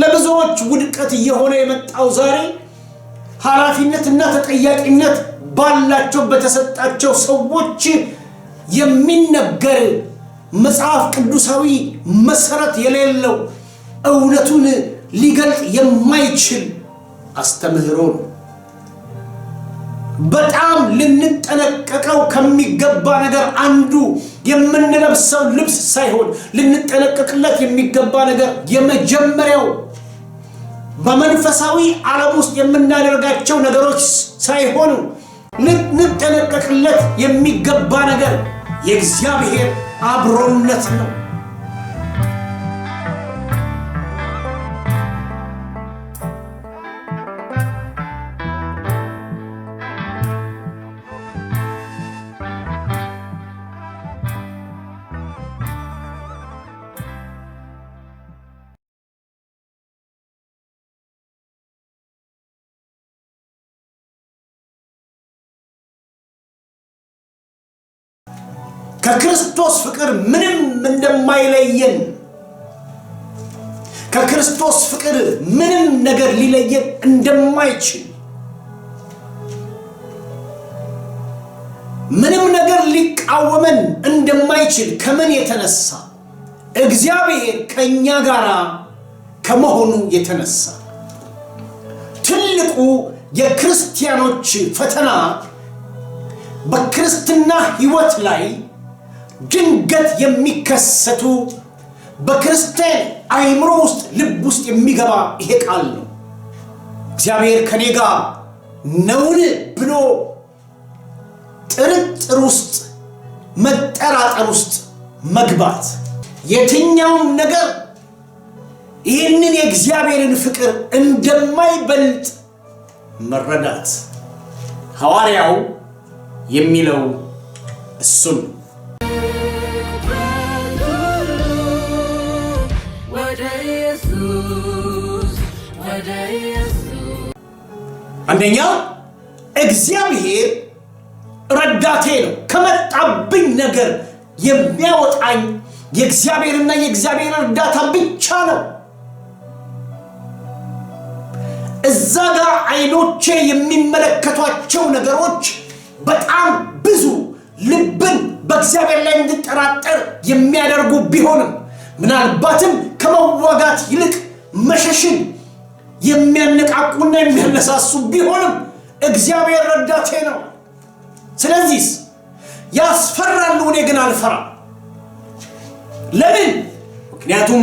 ለብዙዎች ውድቀት እየሆነ የመጣው ዛሬ እና ተጠያቂነት ባላቸው በተሰጣቸው ሰዎች የሚነገር መጽሐፍ ቅዱሳዊ መሰረት የሌለው እውነቱን ሊገልጽ የማይችል አስተምህሮ ነው። በጣም ልንጠነቀቀው ከሚገባ ነገር አንዱ የምንለብሰው ልብስ ሳይሆን ልንጠነቀቅለት የሚገባ ነገር የመጀመሪያው በመንፈሳዊ ዓለም ውስጥ የምናደርጋቸው ነገሮች ሳይሆኑ ልንጠነቀቅለት የሚገባ ነገር የእግዚአብሔር አብሮነት ነው። ከክርስቶስ ፍቅር ምንም እንደማይለየን ከክርስቶስ ፍቅር ምንም ነገር ሊለየን እንደማይችል ምንም ነገር ሊቃወመን እንደማይችል ከምን የተነሳ እግዚአብሔር ከእኛ ጋር ከመሆኑ የተነሳ ትልቁ የክርስቲያኖች ፈተና በክርስትና ሕይወት ላይ ድንገት የሚከሰቱ በክርስቲያን አይምሮ ውስጥ ልብ ውስጥ የሚገባ ይሄ ቃል ነው። እግዚአብሔር ከኔ ጋር ነውን ብሎ ጥርጥር ውስጥ መጠራጠር ውስጥ መግባት የትኛውም ነገር ይህንን የእግዚአብሔርን ፍቅር እንደማይበልጥ መረዳት ሐዋርያው የሚለው እሱን አንደኛ እግዚአብሔር ረዳቴ ነው። ከመጣብኝ ነገር የሚያወጣኝ የእግዚአብሔርና የእግዚአብሔር እርዳታ ብቻ ነው። እዛ ጋር አይኖቼ የሚመለከቷቸው ነገሮች በጣም ብዙ ልብን በእግዚአብሔር ላይ እንድጠራጠር የሚያደርጉ ቢሆንም ምናልባትም ከመዋጋት ይልቅ መሸሽን የሚያነቃቁና የሚያነሳሱ ቢሆንም እግዚአብሔር ረዳቴ ነው። ስለዚህ ያስፈራሉ፣ እኔ ግን አልፈራም። ለምን? ምክንያቱም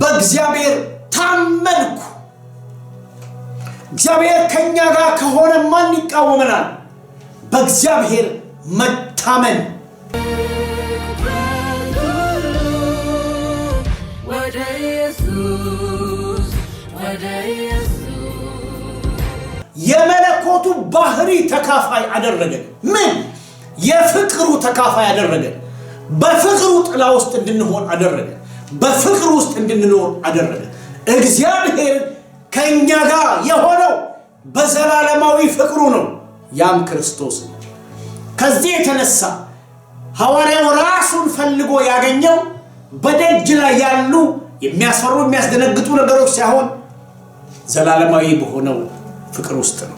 በእግዚአብሔር ታመንኩ። እግዚአብሔር ከእኛ ጋር ከሆነ ማን ይቃወመናል? በእግዚአብሔር መታመን ወደ ኢየሱስ የመለኮቱ ባህሪ ተካፋይ አደረገን። ምን የፍቅሩ ተካፋይ አደረገን። በፍቅሩ ጥላ ውስጥ እንድንሆን አደረገን። በፍቅሩ ውስጥ እንድንኖር አደረገን። እግዚአብሔር ከእኛ ጋር የሆነው በዘላለማዊ ፍቅሩ ነው። ያም ክርስቶስ ነው። ከዚህ የተነሳ ሐዋርያው ራሱን ፈልጎ ያገኘው በደጅ ላይ ያሉ የሚያስፈሩ የሚያስደነግጡ ነገሮች ሳይሆን ዘላለማዊ በሆነው ፍቅር ውስጥ ነው።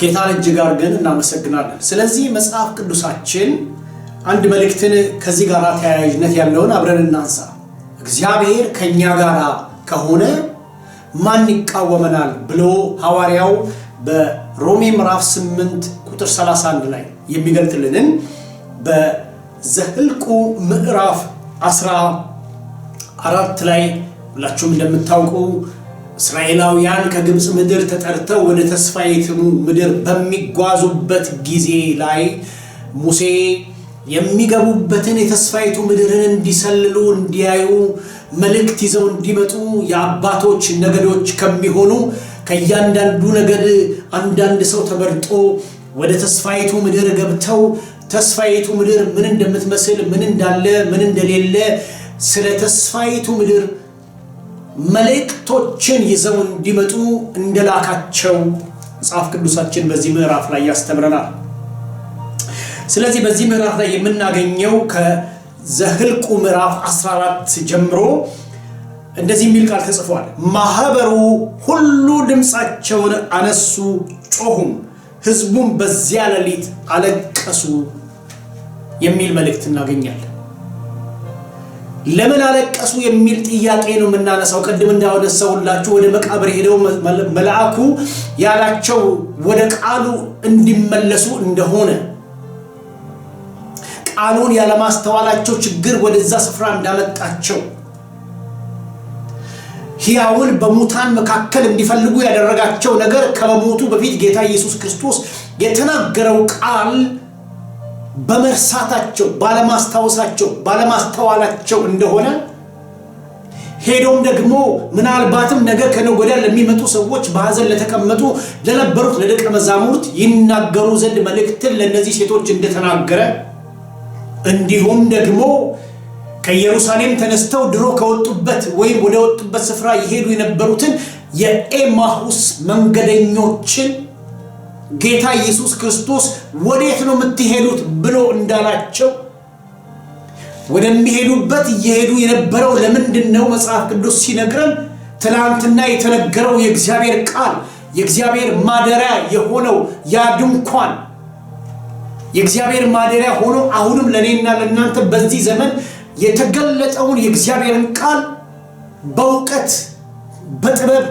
ጌታን እጅግ አድርገን እናመሰግናለን። ስለዚህ መጽሐፍ ቅዱሳችን አንድ መልእክትን ከዚህ ጋር ተያያዥነት ያለውን አብረን እናንሳ። እግዚአብሔር ከእኛ ጋር ከሆነ ማን ይቃወመናል ብሎ ሐዋርያው በሮሜ ምዕራፍ 8 ቁጥር 31 ላይ የሚገልጥልንን በዘህልቁ ምዕራፍ 14 ላይ ሁላችሁም እንደምታውቁ እስራኤላውያን ከግብፅ ምድር ተጠርተው ወደ ተስፋይቱ ምድር በሚጓዙበት ጊዜ ላይ ሙሴ የሚገቡበትን የተስፋይቱ ምድርን እንዲሰልሉ እንዲያዩ መልእክት ይዘው እንዲመጡ የአባቶች ነገዶች ከሚሆኑ ከእያንዳንዱ ነገድ አንዳንድ ሰው ተመርጦ ወደ ተስፋይቱ ምድር ገብተው ተስፋይቱ ምድር ምን እንደምትመስል፣ ምን እንዳለ፣ ምን እንደሌለ ስለ ተስፋይቱ ምድር መልእክቶችን ይዘው እንዲመጡ እንደላካቸው መጽሐፍ ቅዱሳችን በዚህ ምዕራፍ ላይ ያስተምረናል። ስለዚህ በዚህ ምዕራፍ ላይ የምናገኘው ከዘኍልቍ ምዕራፍ 14 ጀምሮ እንደዚህ የሚል ቃል ተጽፏል። ማህበሩ ሁሉ ድምፃቸውን አነሱ፣ ጮሁም፣ ሕዝቡም በዚያ ሌሊት አለቀሱ የሚል መልእክት እናገኛለን። ለምን አለቀሱ የሚል ጥያቄ ነው የምናነሳው። ቅድም እንዳነሳሁላችሁ ወደ መቃብር ሄደው መልአኩ ያላቸው ወደ ቃሉ እንዲመለሱ እንደሆነ ቃሉን ያለማስተዋላቸው ችግር ወደዛ ስፍራ እንዳመጣቸው ሕያውን በሙታን መካከል እንዲፈልጉ ያደረጋቸው ነገር ከመሞቱ በፊት ጌታ ኢየሱስ ክርስቶስ የተናገረው ቃል በመርሳታቸው ባለማስታወሳቸው ባለማስተዋላቸው እንደሆነ ሄዶም ደግሞ ምናልባትም ነገ ከነገ ወዲያ ለሚመጡ ሰዎች በሐዘን ለተቀመጡ ለነበሩት ለደቀ መዛሙርት ይናገሩ ዘንድ መልእክትን ለእነዚህ ሴቶች እንደተናገረ እንዲሁም ደግሞ ከኢየሩሳሌም ተነስተው ድሮ ከወጡበት ወይም ወደ ወጡበት ስፍራ የሄዱ የነበሩትን የኤማሁስ መንገደኞችን ጌታ ኢየሱስ ክርስቶስ ወዴት ነው የምትሄዱት ብሎ እንዳላቸው ወደሚሄዱበት እየሄዱ የነበረው ለምንድን ነው? መጽሐፍ ቅዱስ ሲነግረን ትናንትና የተነገረው የእግዚአብሔር ቃል የእግዚአብሔር ማደሪያ የሆነው ያ ድንኳን የእግዚአብሔር ማደሪያ ሆኖ አሁንም ለእኔና ለእናንተ በዚህ ዘመን የተገለጠውን የእግዚአብሔርን ቃል በእውቀት በጥበብ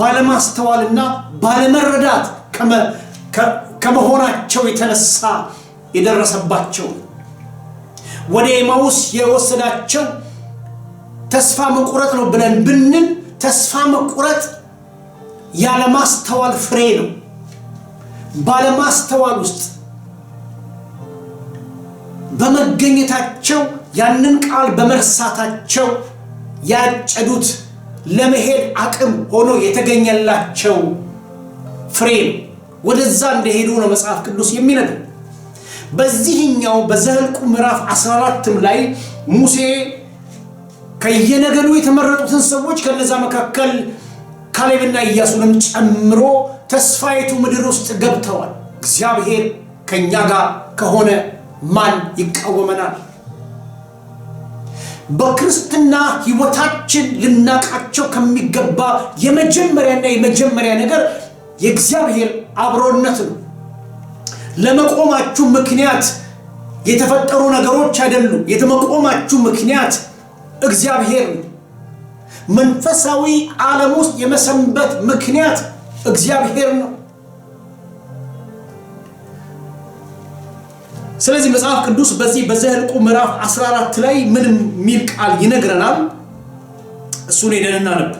ባለማስተዋልና ባለመረዳት ከመሆናቸው የተነሳ የደረሰባቸው ወደ ኤማውስ የወሰዳቸው ተስፋ መቁረጥ ነው ብለን ብንል ተስፋ መቁረጥ ያለማስተዋል ፍሬ ነው። ባለማስተዋል ውስጥ በመገኘታቸው ያንን ቃል በመርሳታቸው ያጨዱት ለመሄድ አቅም ሆኖ የተገኘላቸው ፍሬ ነው። ወደዛ እንደሄዱ ነው መጽሐፍ ቅዱስ የሚነግር። በዚህኛው በዘኍልቍ ምዕራፍ 14ም ላይ ሙሴ ከየነገዱ የተመረጡትን ሰዎች ከነዛ መካከል ካሌብና ኢያሱንም ጨምሮ ተስፋይቱ ምድር ውስጥ ገብተዋል። እግዚአብሔር ከእኛ ጋር ከሆነ ማን ይቃወመናል? በክርስትና ሕይወታችን ልናቃቸው ከሚገባ የመጀመሪያና የመጀመሪያ ነገር የእግዚአብሔር አብሮነት ነው። ለመቆማችሁ ምክንያት የተፈጠሩ ነገሮች አይደሉም። የተመቆማችሁ ምክንያት እግዚአብሔር ነው። መንፈሳዊ ዓለም ውስጥ የመሰንበት ምክንያት እግዚአብሔር ነው። ስለዚህ መጽሐፍ ቅዱስ በዚህ በዘኍልቍ ምዕራፍ 14 ላይ ምን የሚል ቃል ይነግረናል? እሱን ሄደን እናነብ።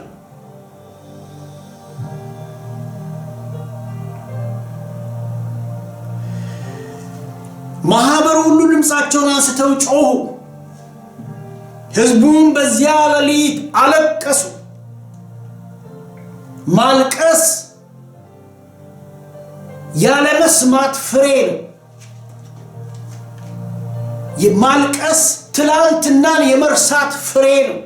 ማህበሩ ሁሉ ድምፃቸውን አንስተው ጮሁ ህዝቡም በዚያ ሌሊት አለቀሱ። ማልቀስ ያለመስማት ፍሬ ነው። ማልቀስ ትላንትናን የመርሳት ፍሬ ነው።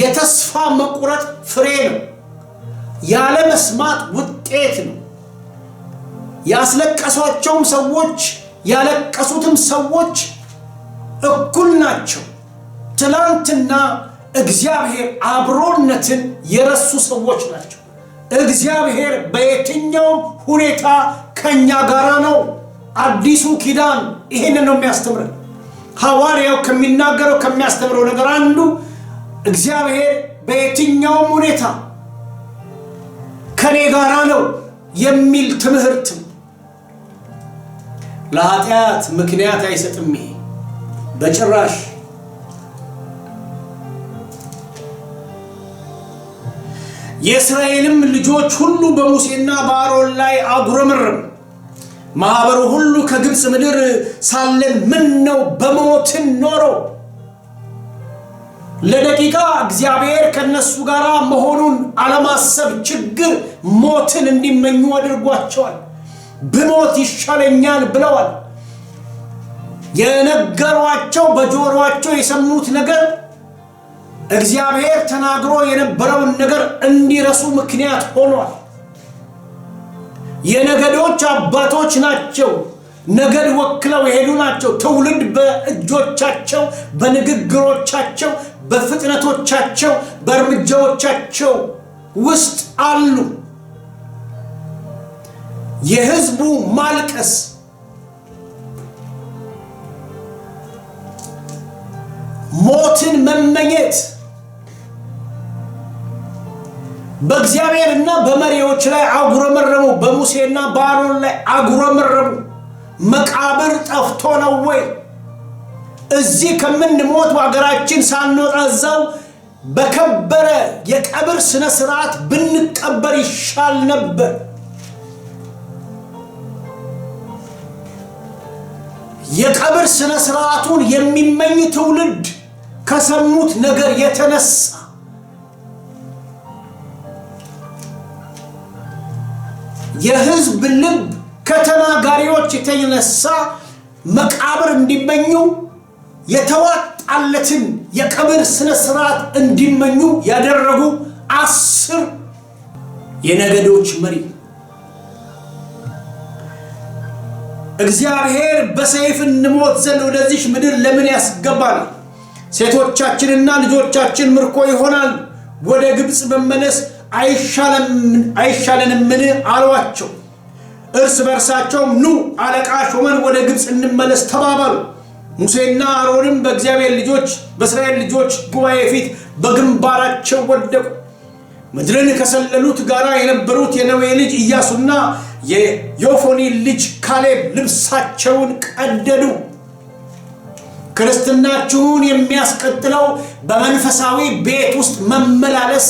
የተስፋ መቁረጥ ፍሬ ነው። ያለመስማት ውጤት ነው። ያስለቀሷቸውም ሰዎች ያለቀሱትም ሰዎች እኩል ናቸው። ትናንትና እግዚአብሔር አብሮነትን የረሱ ሰዎች ናቸው። እግዚአብሔር በየትኛውም ሁኔታ ከእኛ ጋር ነው። አዲሱ ኪዳን ይህንን ነው የሚያስተምረን። ሐዋርያው ከሚናገረው ከሚያስተምረው ነገር አንዱ እግዚአብሔር በየትኛውም ሁኔታ ከእኔ ጋር ነው የሚል ትምህርት ለኃጢአት ምክንያት አይሰጥም። ይሄ በጭራሽ የእስራኤልም ልጆች ሁሉ በሙሴና በአሮን ላይ አጉረምርም። ማኅበሩ ሁሉ ከግብፅ ምድር ሳለን ምን ነው በሞትን ኖሮ ለደቂቃ እግዚአብሔር ከነሱ ጋር መሆኑን አለማሰብ ችግር ሞትን እንዲመኙ አድርጓቸዋል። ብሞት ይሻለኛል ብለዋል። የነገሯቸው በጆሯቸው የሰሙት ነገር እግዚአብሔር ተናግሮ የነበረውን ነገር እንዲረሱ ምክንያት ሆኗል። የነገዶች አባቶች ናቸው። ነገድ ወክለው የሄዱ ናቸው። ትውልድ በእጆቻቸው፣ በንግግሮቻቸው፣ በፍጥነቶቻቸው፣ በእርምጃዎቻቸው ውስጥ አሉ። የህዝቡ ማልቀስ ሞትን መመኘት በእግዚአብሔርና በመሪዎች ላይ አጉረመረሙ። በሙሴና በአሮን ላይ አጉረመረሙ። መቃብር ጠፍቶ ነው ወይ? እዚህ ከምንሞት በሀገራችን ሳንወጣ እዛው በከበረ የቀብር ስነ ስርዓት ብንቀበር ይሻል ነበር። የቀብር ስነ ስርዓቱን የሚመኝ ትውልድ ከሰሙት ነገር የተነሳ የህዝብ ልብ ከተናጋሪዎች የተነሳ መቃብር እንዲመኙ የተዋጣለትን የቀብር ስነ ስርዓት እንዲመኙ ያደረጉ አስር የነገዶች መሪ ነው። እግዚአብሔር በሰይፍ እንሞት ዘንድ ወደዚች ምድር ለምን ያስገባል? ሴቶቻችንና ልጆቻችን ምርኮ ይሆናል። ወደ ግብፅ መመለስ አይሻለንምን አሏቸው። እርስ በርሳቸውም ኑ አለቃ ሾመን ወደ ግብፅ እንመለስ ተባባሉ። ሙሴና አሮንም በእግዚአብሔር ልጆች በእስራኤል ልጆች ጉባኤ ፊት በግንባራቸው ወደቁ። ምድርን ከሰለሉት ጋራ የነበሩት የነዌ ልጅ ኢያሱና የዮፎኒ ልጅ ካሌብ ልብሳቸውን ቀደዱ። ክርስትናችሁን የሚያስቀጥለው በመንፈሳዊ ቤት ውስጥ መመላለስ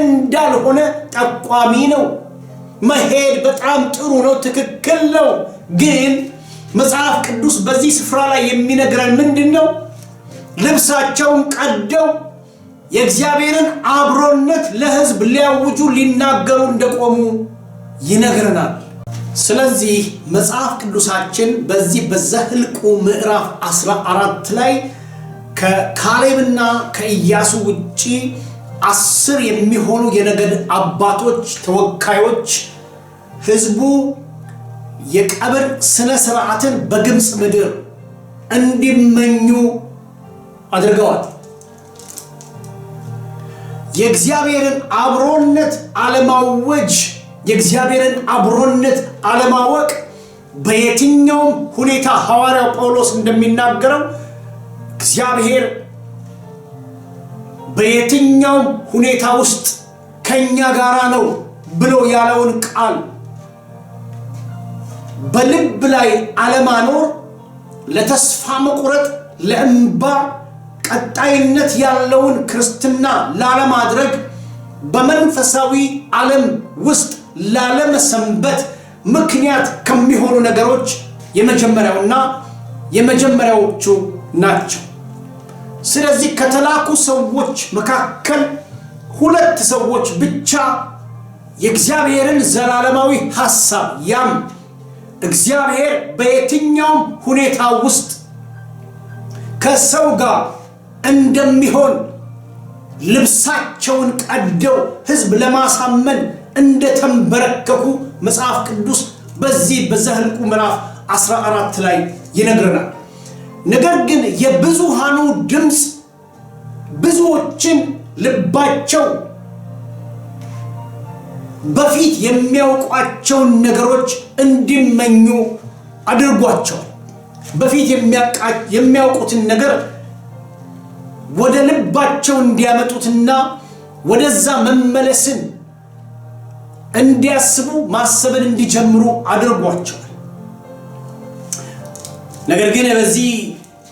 እንዳልሆነ ጠቋሚ ነው። መሄድ በጣም ጥሩ ነው፣ ትክክል ነው። ግን መጽሐፍ ቅዱስ በዚህ ስፍራ ላይ የሚነግረን ምንድን ነው? ልብሳቸውን ቀደው የእግዚአብሔርን አብሮነት ለሕዝብ ሊያውጁ ሊናገሩ እንደቆሙ ይነግረናል። ስለዚህ መጽሐፍ ቅዱሳችን በዚህ በዘህልቁ ምዕራፍ 14 ላይ ከካሌብና ከኢያሱ ውጪ አስር የሚሆኑ የነገድ አባቶች ተወካዮች ህዝቡ የቀብር ስነ ስርዓትን በግብፅ ምድር እንዲመኙ አድርገዋል። የእግዚአብሔርን አብሮነት አለማወጅ የእግዚአብሔርን አብሮነት አለማወቅ በየትኛውም ሁኔታ ሐዋርያው ጳውሎስ እንደሚናገረው እግዚአብሔር በየትኛውም ሁኔታ ውስጥ ከእኛ ጋር ነው ብሎ ያለውን ቃል በልብ ላይ አለማኖር ለተስፋ መቁረጥ፣ ለእንባ ቀጣይነት ያለውን ክርስትና ላለማድረግ በመንፈሳዊ ዓለም ውስጥ ላለመሰንበት ምክንያት ከሚሆኑ ነገሮች የመጀመሪያውና የመጀመሪያዎቹ ናቸው። ስለዚህ ከተላኩ ሰዎች መካከል ሁለት ሰዎች ብቻ የእግዚአብሔርን ዘላለማዊ ሐሳብ ያም እግዚአብሔር በየትኛውም ሁኔታ ውስጥ ከሰው ጋር እንደሚሆን ልብሳቸውን ቀደው ሕዝብ ለማሳመን እንደተንበረከኩ መጽሐፍ ቅዱስ በዚህ በዘህልቁ ምዕራፍ 14 ላይ ይነግረናል። ነገር ግን የብዙሃኑ ድምፅ ብዙዎችን ልባቸው በፊት የሚያውቋቸውን ነገሮች እንዲመኙ አድርጓቸዋል። በፊት የሚያውቁትን ነገር ወደ ልባቸው እንዲያመጡትና ወደዛ መመለስን እንዲያስቡ ማሰብን እንዲጀምሩ አድርጓቸዋል። ነገር ግን በዚህ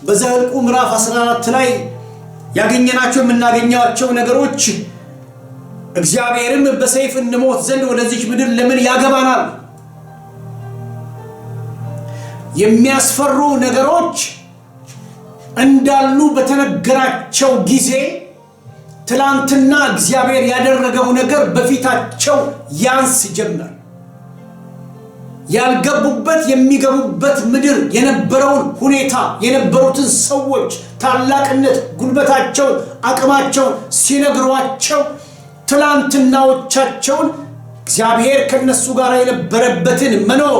በዘኍልቍ ምዕራፍ 14 ላይ ያገኘናቸው የምናገኛቸው ነገሮች እግዚአብሔርም በሰይፍ እንሞት ዘንድ ወደዚች ምድር ለምን ያገባናል? የሚያስፈሩ ነገሮች እንዳሉ በተነገራቸው ጊዜ ትላንትና እግዚአብሔር ያደረገው ነገር በፊታቸው ያንስ ጀመር። ያልገቡበት የሚገቡበት ምድር የነበረውን ሁኔታ የነበሩትን ሰዎች ታላቅነት፣ ጉልበታቸውን፣ አቅማቸውን ሲነግሯቸው ትላንትናዎቻቸውን እግዚአብሔር ከነሱ ጋር የነበረበትን መኖር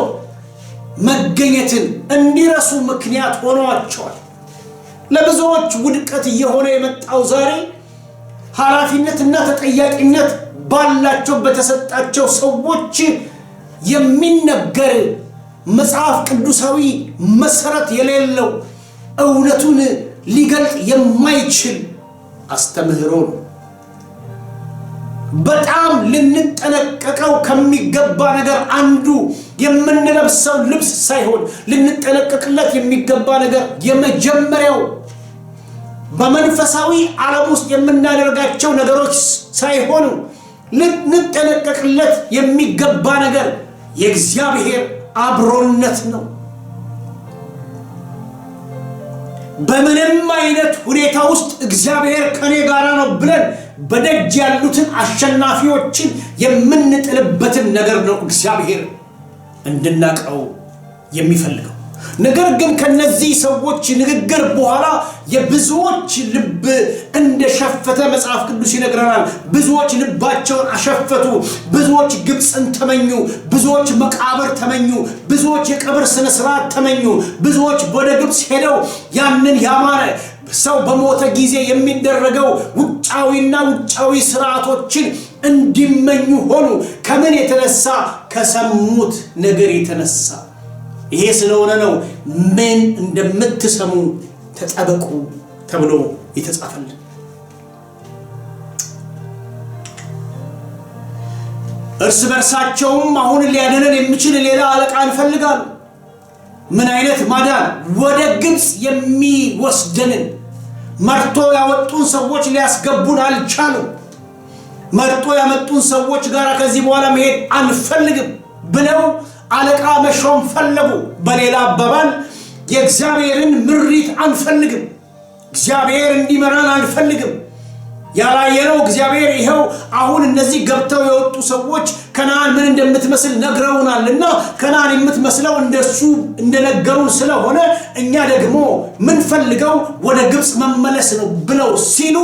መገኘትን እንዲረሱ ምክንያት ሆኗቸዋል። ለብዙዎች ውድቀት እየሆነ የመጣው ዛሬ ኃላፊነትና ተጠያቂነት ባላቸው በተሰጣቸው ሰዎች የሚነገር መጽሐፍ ቅዱሳዊ መሰረት የሌለው እውነቱን ሊገልጥ የማይችል አስተምህሮ ነው። በጣም ልንጠነቀቀው ከሚገባ ነገር አንዱ የምንለብሰው ልብስ ሳይሆን ልንጠነቀቅለት የሚገባ ነገር የመጀመሪያው በመንፈሳዊ ዓለም ውስጥ የምናደርጋቸው ነገሮች ሳይሆኑ ልንጠነቀቅለት የሚገባ ነገር የእግዚአብሔር አብሮነት ነው። በምንም አይነት ሁኔታ ውስጥ እግዚአብሔር ከኔ ጋር ነው ብለን በደጅ ያሉትን አሸናፊዎችን የምንጥልበትን ነገር ነው እግዚአብሔር እንድናቀው የሚፈልገው። ነገር ግን ከነዚህ ሰዎች ንግግር በኋላ የብዙዎች ልብ እንደሸፈተ መጽሐፍ ቅዱስ ይነግረናል። ብዙዎች ልባቸውን አሸፈቱ፣ ብዙዎች ግብፅን ተመኙ፣ ብዙዎች መቃብር ተመኙ፣ ብዙዎች የቀብር ስነ ስርዓት ተመኙ፣ ብዙዎች ወደ ግብፅ ሄደው ያንን ያማረ ሰው በሞተ ጊዜ የሚደረገው ውጫዊና ውጫዊ ስርዓቶችን እንዲመኙ ሆኑ። ከምን የተነሳ? ከሰሙት ነገር የተነሳ ይሄ ስለሆነ ነው ምን እንደምትሰሙ ተጠበቁ ተብሎ የተጻፈልን። እርስ በርሳቸውም አሁን ሊያድነን የሚችል ሌላ አለቃ እንፈልጋሉ። ምን አይነት ማዳን? ወደ ግብፅ የሚወስደንን መርቶ ያወጡን ሰዎች ሊያስገቡን አልቻሉም። መርጦ ያመጡን ሰዎች ጋር ከዚህ በኋላ መሄድ አንፈልግም ብለው አለቃ መሾም ፈለጉ። በሌላ አባባል የእግዚአብሔርን ምሪት አንፈልግም። እግዚአብሔር እንዲመራን አንፈልግም። ያላየነው እግዚአብሔር ይኸው አሁን እነዚህ ገብተው የወጡ ሰዎች ከነአን ምን እንደምትመስል ነግረውናል እና ከነአን የምትመስለው እንደሱ እንደነገሩን ስለሆነ እኛ ደግሞ ምንፈልገው ወደ ግብፅ መመለስ ነው ብለው ሲሉ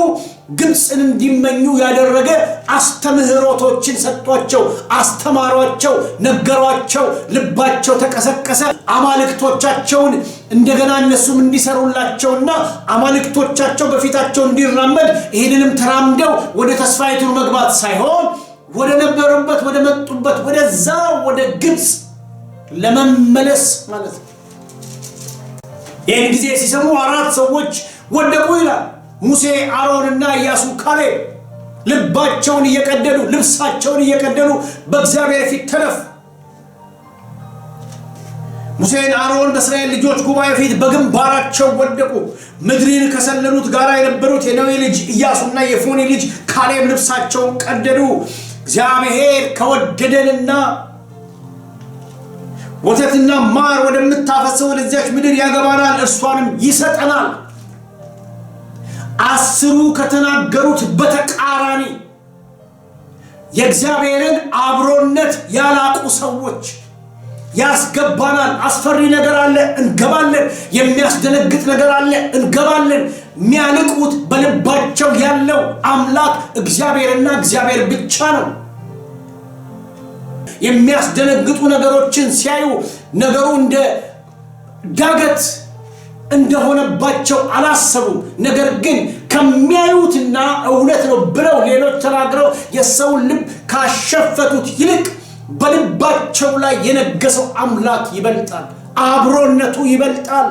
ግብፅን እንዲመኙ ያደረገ አስተምህሮቶችን ሰጥቷቸው አስተማሯቸው፣ ነገሯቸው። ልባቸው ተቀሰቀሰ። አማልክቶቻቸውን እንደገና እነሱም እንዲሰሩላቸውና አማልክቶቻቸው በፊታቸው እንዲራመድ ይህንንም ተራምደው ወደ ተስፋይቱን መግባት ሳይሆን ወደ ነበሩበት ወደ መጡበት ወደዛ ወደ ግብፅ ለመመለስ ማለት ነው። ይህን ጊዜ ሲሰሙ አራት ሰዎች ወደቁ ይላል። ሙሴ አሮንና ኢያሱ ካሌብ ልባቸውን እየቀደዱ ልብሳቸውን እየቀደዱ በእግዚአብሔር ፊት ተደፉ። ሙሴን አሮን በእስራኤል ልጆች ጉባኤ ፊት በግንባራቸው ወደቁ። ምድሪን ከሰለሉት ጋር የነበሩት የነዌ ልጅ ኢያሱና የፎኒ ልጅ ካሌብ ልብሳቸውን ቀደዱ። እግዚአብሔር ከወደደንና ወተትና ማር ወደምታፈሰው ወደዚያች ምድር ያገባናል፣ እርሷንም ይሰጠናል። አስሩ ከተናገሩት በተቃራኒ የእግዚአብሔርን አብሮነት ያላቁ ሰዎች ያስገባናል። አስፈሪ ነገር አለ እንገባለን። የሚያስደነግጥ ነገር አለ እንገባለን። የሚያንቁት በልባቸው ያለው አምላክ እግዚአብሔርና እግዚአብሔር ብቻ ነው። የሚያስደነግጡ ነገሮችን ሲያዩ ነገሩ እንደ ዳገት እንደሆነባቸው አላሰቡም። ነገር ግን ከሚያዩትና እውነት ነው ብለው ሌሎች ተናግረው የሰውን ልብ ካሸፈቱት ይልቅ በልባቸው ላይ የነገሰው አምላክ ይበልጣል። አብሮነቱ ይበልጣል።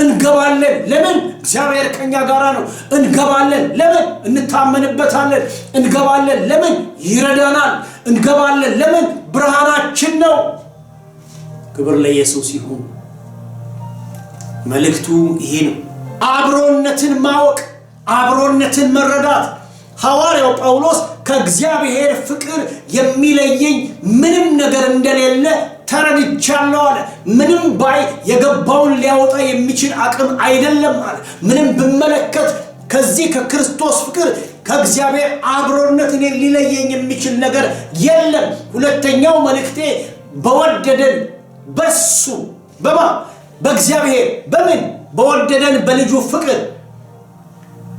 እንገባለን። ለምን? እግዚአብሔር ከኛ ጋር ነው። እንገባለን። ለምን? እንታመንበታለን። እንገባለን። ለምን? ይረዳናል። እንገባለን። ለምን? ብርሃናችን ነው። ክብር ለኢየሱስ ይሁን። መልእክቱ ይሄ ነው። አብሮነትን ማወቅ፣ አብሮነትን መረዳት። ሐዋርያው ጳውሎስ ከእግዚአብሔር ፍቅር የሚለየኝ ምንም ነገር እንደሌለ ተረድቻለሁ አለ። ምንም ባይ የገባውን ሊያወጣ የሚችል አቅም አይደለም አለ። ምንም ብመለከት ከዚህ ከክርስቶስ ፍቅር ከእግዚአብሔር አብሮነት እኔ ሊለየኝ የሚችል ነገር የለም። ሁለተኛው መልእክቴ በወደደን በሱ በማ በእግዚአብሔር በምን በወደደን በልጁ ፍቅር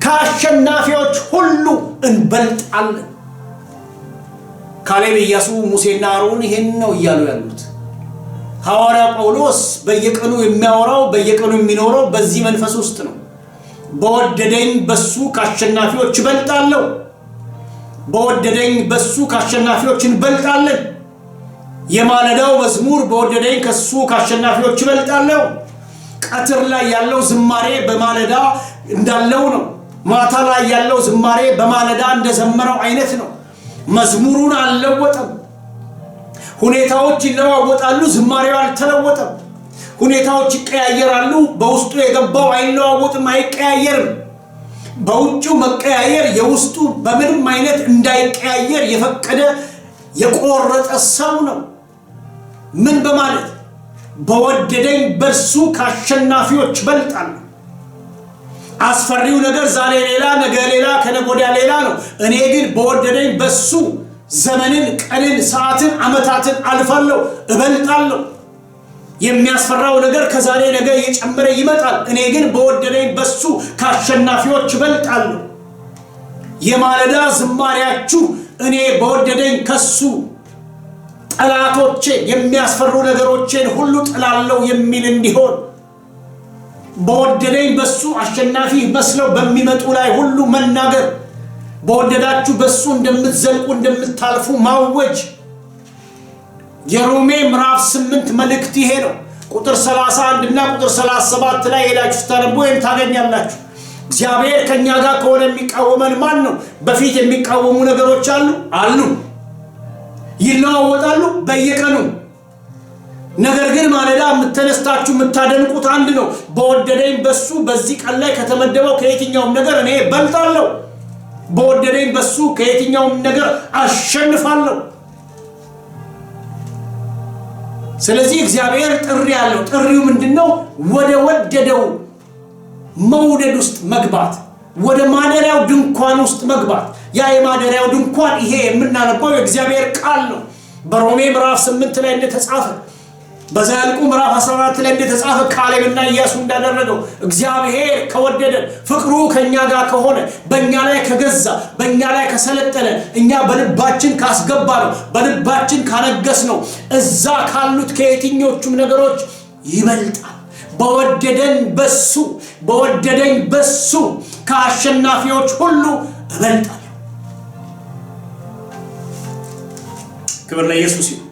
ከአሸናፊዎች ሁሉ እንበልጣለን። ካሌብ፣ ኢያሱ፣ ሙሴና አሮን ይሄን ነው እያሉ ያሉት። ሐዋርያ ጳውሎስ በየቀኑ የሚያወራው በየቀኑ የሚኖረው በዚህ መንፈስ ውስጥ ነው። በወደደኝ በሱ ከአሸናፊዎች እበልጣለሁ። በወደደኝ በሱ ከአሸናፊዎች እንበልጣለን። የማለዳው መዝሙር በወደደኝ ከሱ ከአሸናፊዎች ይበልጣለሁ። ቀትር ላይ ያለው ዝማሬ በማለዳ እንዳለው ነው። ማታ ላይ ያለው ዝማሬ በማለዳ እንደዘመረው አይነት ነው። መዝሙሩን አልለወጠም። ሁኔታዎች ይለዋወጣሉ፣ ዝማሬው አልተለወጠም። ሁኔታዎች ይቀያየራሉ፣ በውስጡ የገባው አይለዋወጥም፣ አይቀያየርም። በውጭው መቀያየር የውስጡ በምንም አይነት እንዳይቀያየር የፈቀደ የቆረጠ ሰው ነው። ምን በማለት በወደደኝ በእርሱ ከአሸናፊዎች በልጣለሁ። አስፈሪው ነገር ዛሬ ሌላ፣ ነገ ሌላ፣ ከነገ ወዲያ ሌላ ነው። እኔ ግን በወደደኝ በሱ ዘመንን፣ ቀንን፣ ሰዓትን፣ ዓመታትን አልፋለሁ፣ እበልጣለሁ። የሚያስፈራው ነገር ከዛሬ ነገ እየጨመረ ይመጣል። እኔ ግን በወደደኝ በሱ ከአሸናፊዎች እበልጣለሁ። የማለዳ ዝማሪያችሁ እኔ በወደደኝ ከሱ ጠላቶቼን የሚያስፈሩ ነገሮቼን ሁሉ ጥላለው የሚል እንዲሆን በወደደኝ በሱ አሸናፊ መስለው በሚመጡ ላይ ሁሉ መናገር በወደዳችሁ በሱ እንደምትዘልቁ እንደምታልፉ ማወጅ የሮሜ ምዕራፍ ስምንት መልእክት ይሄ ነው። ቁጥር 31 እና ቁጥር 37 ላይ ሄዳችሁ ስታነቡ ወይም ታገኛላችሁ። እግዚአብሔር ከእኛ ጋር ከሆነ የሚቃወመን ማን ነው? በፊት የሚቃወሙ ነገሮች አሉ አሉ ይለዋወጣሉ በየቀኑ። ነገር ግን ማለዳ የምትነስታችሁ የምታደንቁት አንድ ነው። በወደደኝ በሱ በዚህ ቀን ላይ ከተመደበው ከየትኛውም ነገር እኔ እበልጣለሁ። በወደደኝ በሱ ከየትኛውም ነገር አሸንፋለሁ። ስለዚህ እግዚአብሔር ጥሪ ያለው ጥሪው ምንድን ነው? ወደ ወደደው መውደድ ውስጥ መግባት፣ ወደ ማደሪያው ድንኳን ውስጥ መግባት ያ የማደሪያው ድንኳን ይሄ የምናነባው የእግዚአብሔር ቃል ነው። በሮሜ ምዕራፍ 8 ላይ እንደተጻፈ በዘኍልቍ ምዕራፍ 14 ላይ እንደተጻፈ ካሌብና ኢያሱ እንዳደረገው እግዚአብሔር ከወደደን ፍቅሩ ከእኛ ጋር ከሆነ በእኛ ላይ ከገዛ በእኛ ላይ ከሰለጠነ እኛ በልባችን ካስገባ ነው በልባችን ካነገስ ነው እዛ ካሉት ከየትኞቹም ነገሮች ይበልጣል። በወደደን በሱ በወደደኝ በሱ ከአሸናፊዎች ሁሉ እበልጣል። verdad ver leyes